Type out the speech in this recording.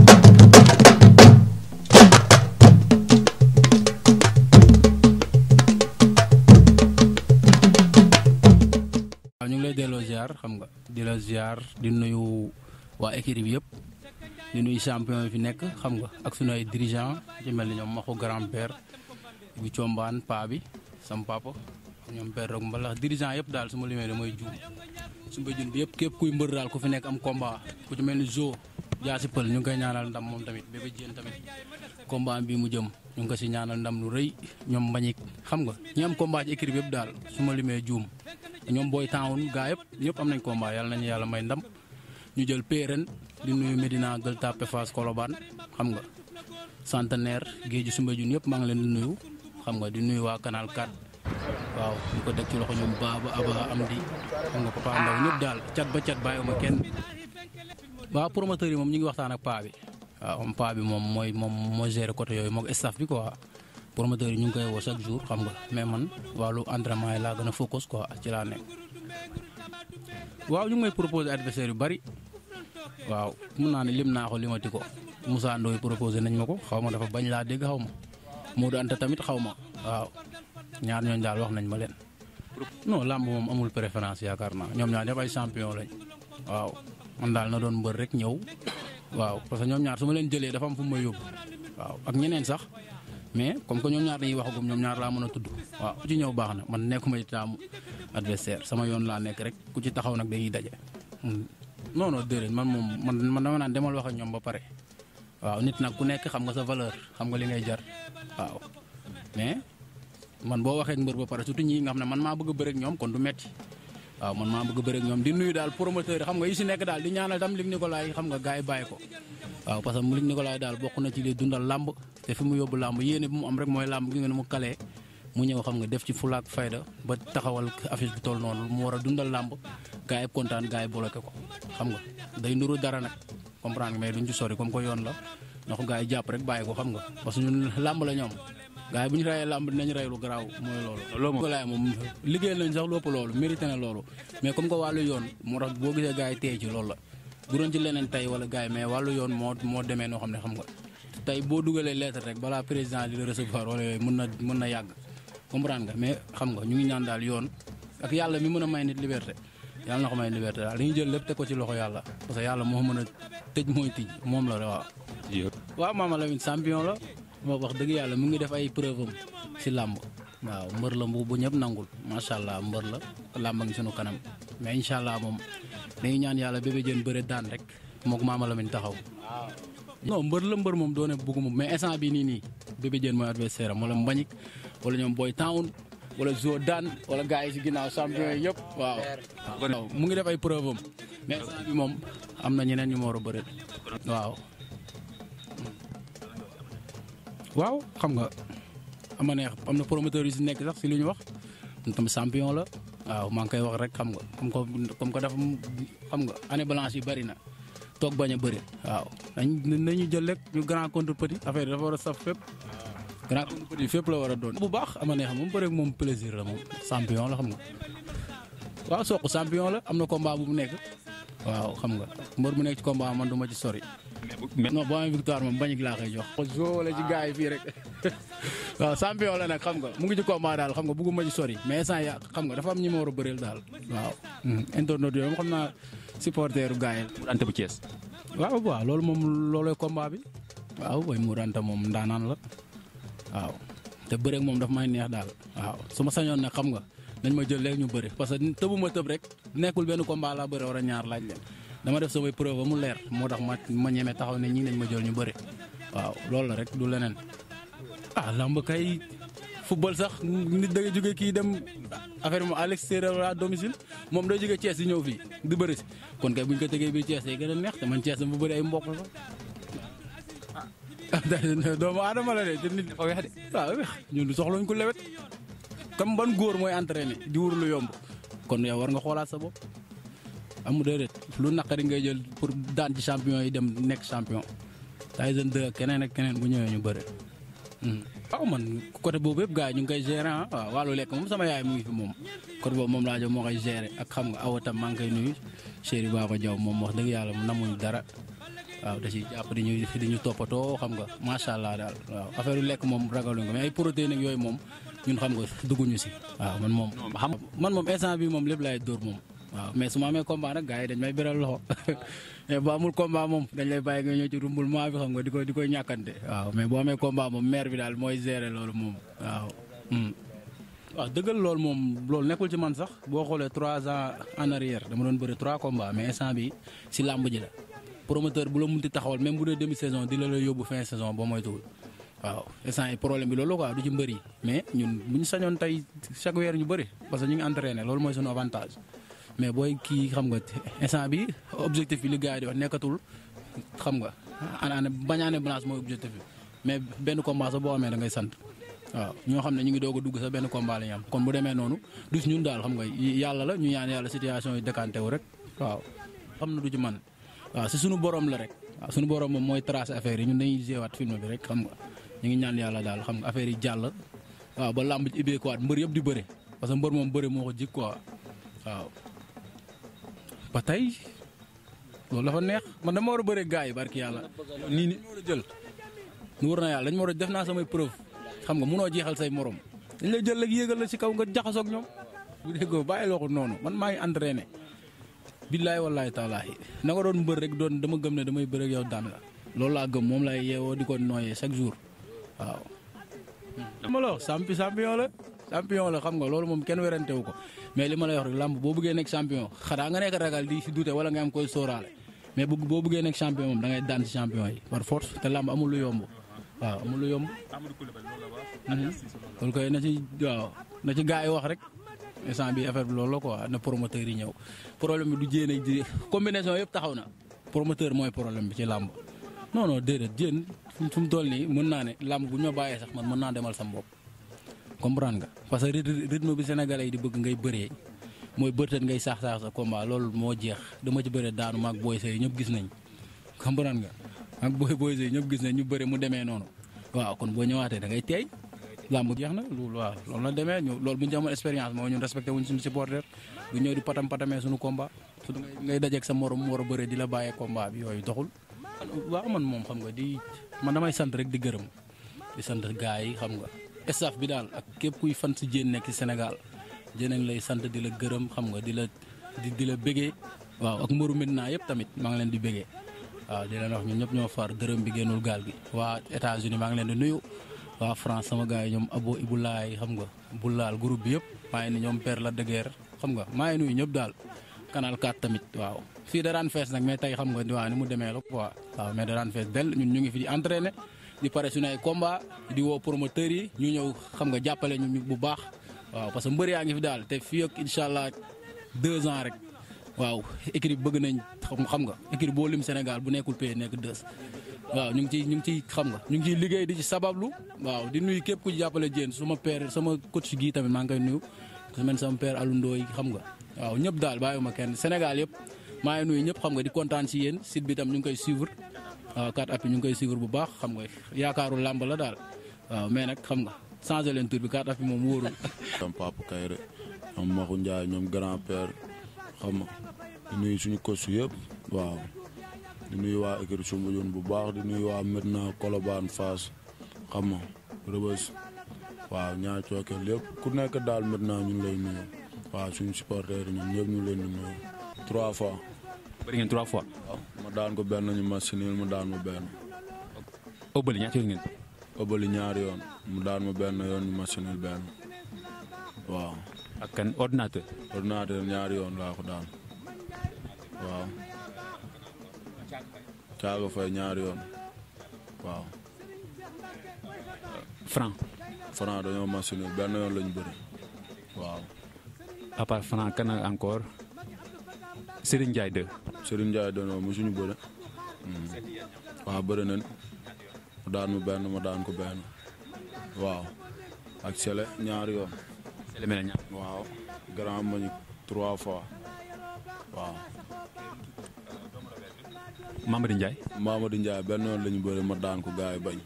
waaw ñu ngi lay delloo ziar xam nga di la di nuyu waa équipe bi yëpp di nuyu champion yi fi nekk xam nga ak sunu ay dirigeant ci mel ni ñoom maxu grand père bu combaan paa bi sam papa ñoom père rog mbalax dirigeant yëpp daal su ma limee damay juum su ma juum bi yëpp képp kuy mbër daal ku fi nekk am combat ku ci mel ni zo Jaasi Pël ñu ngi koy ñaanal ndam moom tamit Bébé Diène tamit combat bi mu jëm ñu ngi ko si ñaanal ndam lu rëy ñoom mbañik xam nga ñi am combat ci équipe yëpp daal su ma limee juum ñoom booy taawun gaa yëpp am nañ combat yàlla nañu yàlla may ndam ñu jël PRN di nuyu Medina Gueule Tapée Fass Colobane xam nga centenaire géeju Soumbédioune yëpp maa ngi leen di nuyu xam nga di nuyu waa Canal 4 waaw ñu ko teg ci loxo ñoom Baba Aba Amdi xam nga Papa Ndaw ñëpp daal cat ba cat bàyyiwuma kenn. waaw promoteurs yi moom ñu ngi waxtaan ak paa bi waaw am paa bi moom mooy moom mooy gérer côté yooyu moog staff bi quoi promoteurs yi ñu ngi koy woo chaque jour xam nga mais man wàllu entraînement yi laa gën a focus quoi ci laa nekk. waaw ñu ngi may adversaire yu bari waaw mun naa ne lim naa ko limati ko Moussa Ndoye proposé nañ ma ko xaw ma dafa bañ laa dégg xaw ma Modou Anta tamit xaw ma waaw ñaar ñooñu daal wax nañ ma leen. non làmb moom amul préférence yaakaar naa ñoom ñaar ñëpp ay champion lañ waaw. man daal na doon mbër rek ñëw waaw parce ñoom ñaar su ma leen jëlee dafa am fu mu may yóbbu waaw ak ñeneen sax mais comme que ñoom ñaar dañuy waxagum ñoom ñaar laa mën a tudd waaw ku ci ñëw baax na man nekkuma ci taamu adversaire sama yoon laa nekk rek ku ci taxaw nag dañuy daje. Hmm. non déedéet man moom man dama naan demal wax ñoom ba pare waaw nit nag ku nekk xam nga sa valeur xam nga li ngay jar waaw mais man boo waxee ak mbër ba pare surtout ñii nga xam ne man maa bëgg a bëre ak ñoom kon du metti waaw man maa bëgg bëri ak ñoom di nuyu daal promoteur yi xam nga yi si nekk daal di ñaanal tam Luc Nicolaï xam nga gars bàyyi ko waaw parce que Luc Nicolaï daal bokk na ci li dundal làmb te fi mu yóbbu làmb yéene bi mu am rek mooy làmb gi ngeen mu kalee mu ñëw xam ba taxawal affiche bi toll noonu mu war a dundal làmb gars yi kontaan gars yi ko xam nga day nuru dara nag comprendre mais duñ ci sori comme ko yoon la ndax gars yi jàpp rek bàyyi ko xam nga parce que ñun làmb la ñoom gars yi bu ñu rayee làmb dinañ rey lu garaaw mooy loolu. loolu moom galaay moom liggéeyal loolu mérité loolu mais comme que wàllu yoon moo tax boo gisee gars tey ci loolu la bu ci leneen tey wala gars mais wàllu yoon moo moo demee noo xam ne xam nga tey boo dugalee lettre rek balaa président di la recevoir wala yooyu mën na mën na yàgg comprendre nga mais xam nga ñu ngi ñaan daal yoon ak yàlla mi mën a may nit liberté yàlla na ko may liberté daal dañuy jël lépp teg ko ci loxo yàlla parce que yàlla moo mën a tëj mooy tij moom la waaw. moom wax dëgg yàlla mu ngi def ay preuve si làmb waaw mbër la bu ñëpp nangul macha allah mbër la làmb ngi sunu kanam mais incha allah moom dañuy ñaan yàlla Bébé Diène bëre daan rek mook Mama Lamine taxaw. non mbër la mbër moom doone bugguma mais instant bi nii nii Bébé Diène mooy adversaire am wala Mbagnick wala ñoom booy Town wala Zo daan wala gars yi si ginnaaw champion yëpp waaw. mu ngi def ay preuve am moom am na ñeneen ñu mu war a waaw. waaw xam nga ama neex am na promoteur yu si nekk sax si lu ñu wax moom tam la waaw ngi koy wax rek xam nga comme que comme que dafa xam nga année blanche yi bëri na toog bañ a bëri waaw nañ nañu jël rek ñu grand contre petit affaire dafa war a saf fépp grand contre petit fépp la war a doon bu baax ama neex moom bëri moom plaisir la moom champion la xam nga waaw Sokh champion la am na combat bu mu nekk waaw xam nga mbër mu nekk ci combat man du ma ci sori non boo amee victoire moom Mbagnick laa koy jox. waaw la ci gars yi fii rek. waaw champion la nag xam nga mu ngi ci combat daal xam nga bugguma ci sori mais instant ya xam nga dafa am ñi ma war a bëreel daal. waaw hmm, internaute yooyu xam naa supporteru gars yi. Mour Anta loolu moom loolooy combat bi. waaw way Mour Anta moom ndaanaan la waaw te moom daf may neex daal waaw su sañoon nag xam nga nañ ma jël léegi ñu bëri parce que tëbu ma tëb rek nekkul benn combat laa bëre war a ñaar laaj leen. dama def samay preuve ba mu leer moo tax ma ma ñeme taxaw ne ñii nañ ma jël ñu bëri waaw loolu la rek du leneen ah làmb kay football sax nit da nga jóge kii dem affaire mu à l'extérieur à domicile moom day jóge Thiès di ñëw fii di bëri si kon kay buñ ka tegee biir Thiès day gën a neex te man Thiès dama bëri ay mbokk la ah. doomu aadama la de te nit dafa weex de waaw weex ñun du soxlañ ko lewet comme ban góor mooy ni di wur lu yomb kon yow war nga xoolaat sa bopp amul déedéet lu naqari ngay jël pour daan ci champion yi dem nekk champion Tyson 2 keneen ak keneen bu ñëwee ñu bëre. Hmm. waaw man côté boobu yëpp gars yi ñu ngi koy gérer ah waaw wàllu lekk moom sama yaay mu ngi fi moom côté boobu moom laa jox moo koy gérer ak xam nga awa tam maa ngi koy nuyu chéri baa moom wax dëgg yàlla mu namuñu dara waaw da ciy jàpp di ñu di ñu toppatoo xam nga macha allah daal waaw affaire lekk moom ragaluñ ko mais ay protéines yooyu moom ñun xam nga dugguñu si. waaw man moom. xam man moom instant bi moom lépp laay dóor moom. waaw mais su ma amee combat nag gars yi dañ may beral loxo mais bu amul combat moom dañ lay bàyyi nga ñëw ci rumblement xam nga di ko di koy ñàkkante waaw mais bu amee combat moom maire bi daal mooy gérer loolu moom waaw. Hmm. waaw loolu moom loolu nekkul ci man sax boo xoolee trois ans en arrière dama doon bëri trois combats mais instant bi si làmb ji la promoteur bu la munti taxawal même bu dee demi saison di la la yóbbu fin saison ba moytuwul waaw instant yi problème bi loolu quoi du ci mbëri mais ñun bu ñu sañoon tey chaque weer ñu bëri parce que ñu ngi entraîné loolu mooy suñu avantage. mais booy kii xam nga instant bi objectif bi li gars yi di wax nekkatul xam nga anaane bañ a ne balance mooy objectif bi mais benn combat sax boo amee da ngay sant waaw ñoo xam ne ñu ngi doog a dugg sax benn combat la ñu am kon bu demee noonu dus ñun daal xam nga yàlla la ñu ñaan yàlla situation yi décanté wu rek waaw xam na du ci man waaw si sunu borom la rek sunu suñu borom moom mooy tracé affaire yi ñun dañuy géewaat film bi rek xam nga ñu ngi ñaan yàlla daal xam nga affaire yi jàll waaw ba làmb ci mbër yëpp di bëre parce que mbër moom bëre moo ko jik quoi waaw ba tey loolu dafa neex man dama war a bëre gars yi barki yàlla nii nii war a jël nu war na yàlla dañ ma war a def naa samay preuve xam nga munoo jeexal say morom dañ lay jël rek yéegal la si kaw nga jaxasoog ñoom bu déggoo bàyyi loo noonu man maa ngi entraîné billaay wallaay taalaahi na nga doon mbër rek doon dama gëm ne damay bëre ak yow daan la loolu laa gëm moom lay yeewoo di ko nooyee chaque jour waaw. dama la wax champion la champion loolu moom kenn werante wu ko. mais li ma la wax rek làmb boo bëggee nekk champion xanaa nga nekk ragal di si duute wala nga am koy sóoraale mais bu boo bëggee nekk champion moom da ngay daan si champion yi par force te làmb amul lu yomb waaw amul lu yomb. Mhm. loolu koy na na ci gars yi wax rek instant bi affaire bi loolu la quoi na promoteur yi ñëw problème bi du jéen ak di yëpp taxaw na promoteur mooy problème bi ci làmb non non déedéet jéen fu mu toll nii mën naa ne làmb bu ñu bàyyee sax man mën naa demal sam bopp. comprendre nga parce que rythme bi sénégalais yi di bëgg ngay bëree mooy bërtët ngay saax saax sa combat loolu moo jeex ma ci bëree daanu maag booy sey ñëpp gis nañ comprendre nga maag booy booy sey ñëpp gis nañ ñu bëree mu demee noonu waaw kon boo ñëwaatee da ngay teey làmb jeex na loolu waaw loolu la demee ñëw loolu bu ñu ci amoon expérience moo ñun respecté wuñ suñu supporter bu ñëw di patam patamee suñu combat su ngay dajeeg sa morom mu war a bëree di la bàyyee combat bi yooyu doxul waaw man moom xam nga di man damay sant rek di gërëm di sant yi xam nga staff bi daal ak képp kuy fan si Diène nekk Sénégal Diène a ngi lay sant di la gërëm xam nga di la di di la bégee waaw ak mbaru Medina yëpp tamit maa ngi leen di bégee waaw di leen ñëpp ñoo far dërëm bi génnul gaal gi waa États-Unis ngi leen di nuyu waa France sama gars yi ñoom Abo Ibulaay xam nga Bulaal groupe bi yëpp maa ngi ni ñoom Père la Deguerre xam nga maa ngi nuyu ñëpp daal canal 4 tamit waaw fii da fees nag mais tey xam nga waaw ni mu demee la quoi waaw mais da fees del ñun ñu ngi fi di entraîner di pare suñu ay combat di woo promoteurs yi ñu ñëw xam nga jàppale ñu bu baax waaw parce que mbër yaa ngi fi daal te fii ak incha allah deux ans rek waaw écurie bëgg nañ xam nga écurie boo lim Sénégal bu nekkul pay nekk deux waaw ñu ngi ciy ñu ngi ciy xam nga ñu ngi ciy liggéey di ci sabablu waaw di nuyu képp ku jàppale Diène suma père sama coach gii tamit maa ngi koy nuyu su mel sama père xam nga waaw ñëpp daal ma kenn Sénégal yëpp maa ngi nuyu ñëpp xam nga di kontaan si yéen site bi tam ñu ngi koy suivre waaw 4 appuis ñu ngi koy suivre bu baax xam nga yaakaaru làmb la daal waaw mais nag xam nga changé leen tur bi 4 appuis moom wóorul. ñoom Papa Kayre ñoom Maxu Ndiaye ñoom grand père xam nga di nuyu suñu coach yëpp waaw di nuyu waa écurie Soumbédioune bu baax di nuyu waa Medina Colobane Fass xam na Rebeuss waaw ñaar cooke lépp ku nekk daal Medina ñu lay nuyu waaw suñu supporters yi ñoom ñëpp ñu leen di trois fois. bëri ngeen trois daan ko benn ñu mu daan ma benn. ëbbali ñaata yoon mu daan ma benn yoon ñu ma benn waaw. ak kan ordinateur. ordinateur ñaari yoon laa ko daan waaw. caaga fay ñaari yoon waaw. franc. franc dañoo ma benn yoon lañu bëri waaw. à part franc encore Serigne Ndiaye 2. Serigne Ndiaye dañoo mu suñu bëre hmm. waaw bëri nañ mu daan mu benn ma waaw ak Sele ñaari yoon. Sele mel waaw grand ma ñu trois fois waaw. Mamadou Ndiaye. Mamadou Ndiaye benn yoon la ñu bëri ma daan ko bañ.